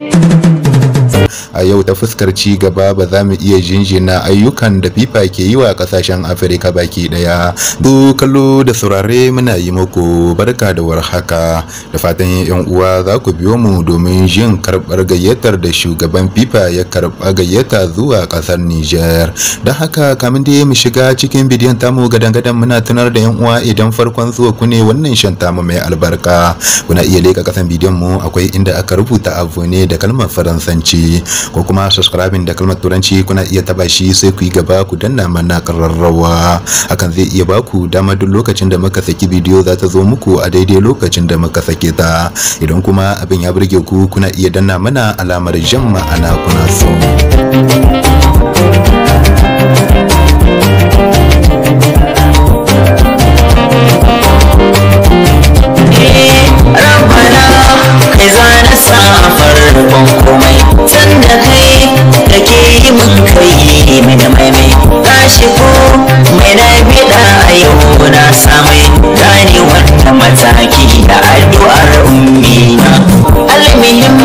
嗯。a yau ta fuskar ci gaba ba za mu iya jinjina ayyukan da fifa ke yi wa kasashen afirka baki daya du kallo da saurare muna yi muku barka da warhaka da fatan yan uwa za ku biyo mu domin jin karbar gayyatar da shugaban fifa ya karba gayyata zuwa kasar niger don haka kamin da mu shiga cikin bidiyon tamu gadan-gadan muna tunar da yan uwa idan farkon zuwa ku ne wannan shan tamu mai albarka kuna iya leka kasan bidiyon mu akwai inda aka rubuta abu ne da kalmar faransanci ko kuma subscribing da kalmar turanci kuna iya taba shi sai ku yi gaba ku danna mana kararrawa hakan zai iya baku dama duk lokacin da muka saki bidiyo za ta zo muku a daidai lokacin da muka sake ta idan kuma abin ya burge ku kuna iya danna mana alamar jan ma'ana kuna so ji mun kai mini mai ta shigo mai na bida a yau na samai ganewar ta mataki da addu'ar ummina almihim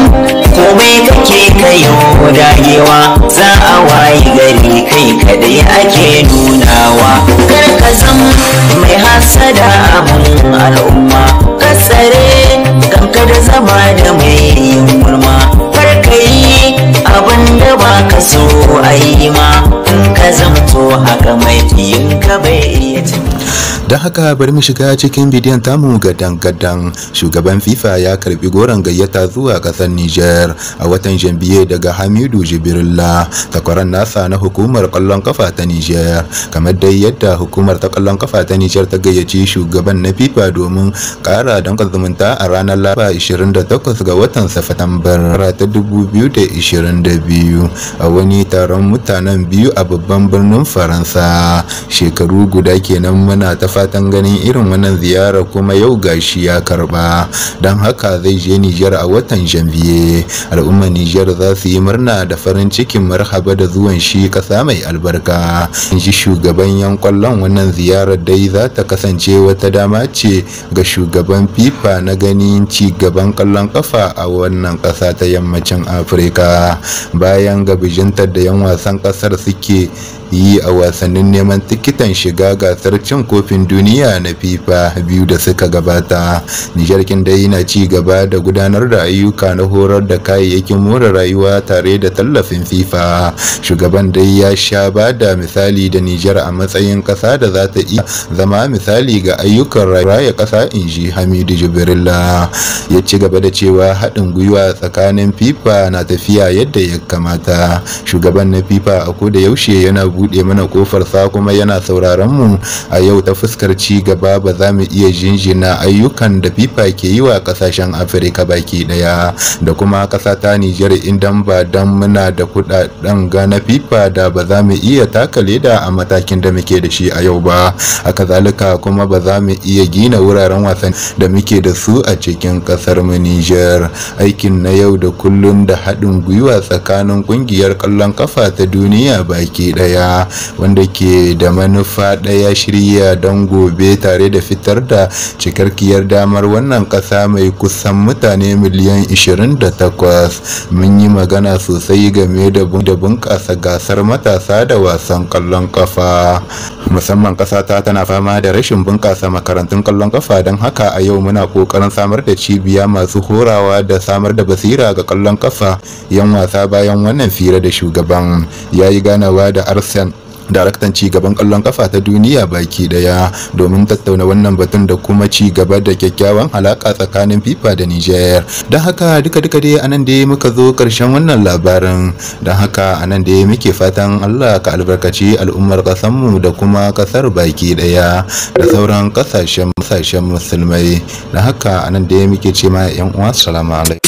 komai kake kayo dagewa za a wayi gari kai kadai ake nunawa kar ka zama mai hasada a mun al'umma kasare kanka da zama da mai haka mai kiyin ka bai iya cin don haka bari mu shiga cikin bidiyon tamu gadan-gadan shugaban fifa ya karbi goron gayyata zuwa kasar niger a watan janbiye daga hamidu jibrilla takwaran nasa na hukumar kwallon kafa ta niger kamar dai yadda hukumar ta kwallon kafa ta niger ta gayyaci shugaban na fifa domin kara don zumunta a ranar laraba 28 ga watan satumbar ta 2022 a wani taron mutanen biyu a babban birnin faransa shekaru guda kenan muna ta fatan ganin irin wannan ziyara kuma yau gashi ya karba don haka zai je Nijar a watan janvier al'ummar Nijar za su yi murna da farin cikin marhaba da zuwan shi kasa mai albarka in ji shugaban yan kwallon wannan ziyarar dai za ta kasance wata dama ce ga shugaban fifa na ganin ci gaban kallon kafa a wannan kasa ta yammacin afirka bayan ga bijintar da yan wasan kasar suke yi a wasannin neman tikitan shiga gasar cin kofin duniya na fifa biyu da suka gabata nijar dai na ci gaba da gudanar da ayyuka na horar da kayayyakin more rayuwa tare da tallafin fifa shugaban dai ya sha ba da misali da nijar a matsayin kasa da za ta iya zama misali ga ayyukan raya kasa inji hamidu jibrilla ya ci gaba da cewa haɗin gwiwa tsakanin fifa na tafiya yadda ya kamata shugaban na fifa a koda yaushe yana buɗe mana kofar sa kuma yana sauraron mu a yau ta fuskar ci gaba ba za mu iya jinjina ayyukan da fifa ke yi wa kasashen afirka baki daya da kuma ƙasata ta nijar idan ba dan muna da kuɗaɗen gana fifa da ba za mu iya taka leda a matakin da muke da shi a yau ba a kazalika kuma ba za mu iya gina wuraren wasan da muke da su a cikin ƙasar mu nijar aikin na yau da kullun da haɗin gwiwa tsakanin ƙungiyar kallon ƙafa ta duniya baki ɗaya. ɗaya wanda ke da manufa ɗaya shirya don gobe tare da fitar da cikarkiyar damar wannan ƙasa mai kusan mutane miliyan 28 mun yi magana sosai game da bunƙasa gasar matasa da wasan ƙallon ƙafa musamman ƙasata tana fama da rashin bunƙasa makarantun ƙallon ƙafa don haka a yau muna ƙoƙarin samar da cibiya masu horawa da samar da basira ga ƙallon ƙafa yan wasa bayan wannan fira da shugaban ya yi ganawa da arsenal ASEAN daraktan ci gaban kallon kafa ta duniya baki daya domin tattauna wannan batun da kuma ci gaba da kyakkyawan alaka tsakanin fifa da niger don haka duka duka dai anan da muka zo karshen wannan labarin don haka anan da muke fatan allah ka albarkaci al'ummar kasar mu da kuma kasar baki daya da sauran kasashen kasashen musulmai don haka anan da muke ce ma yan uwa assalamu alaikum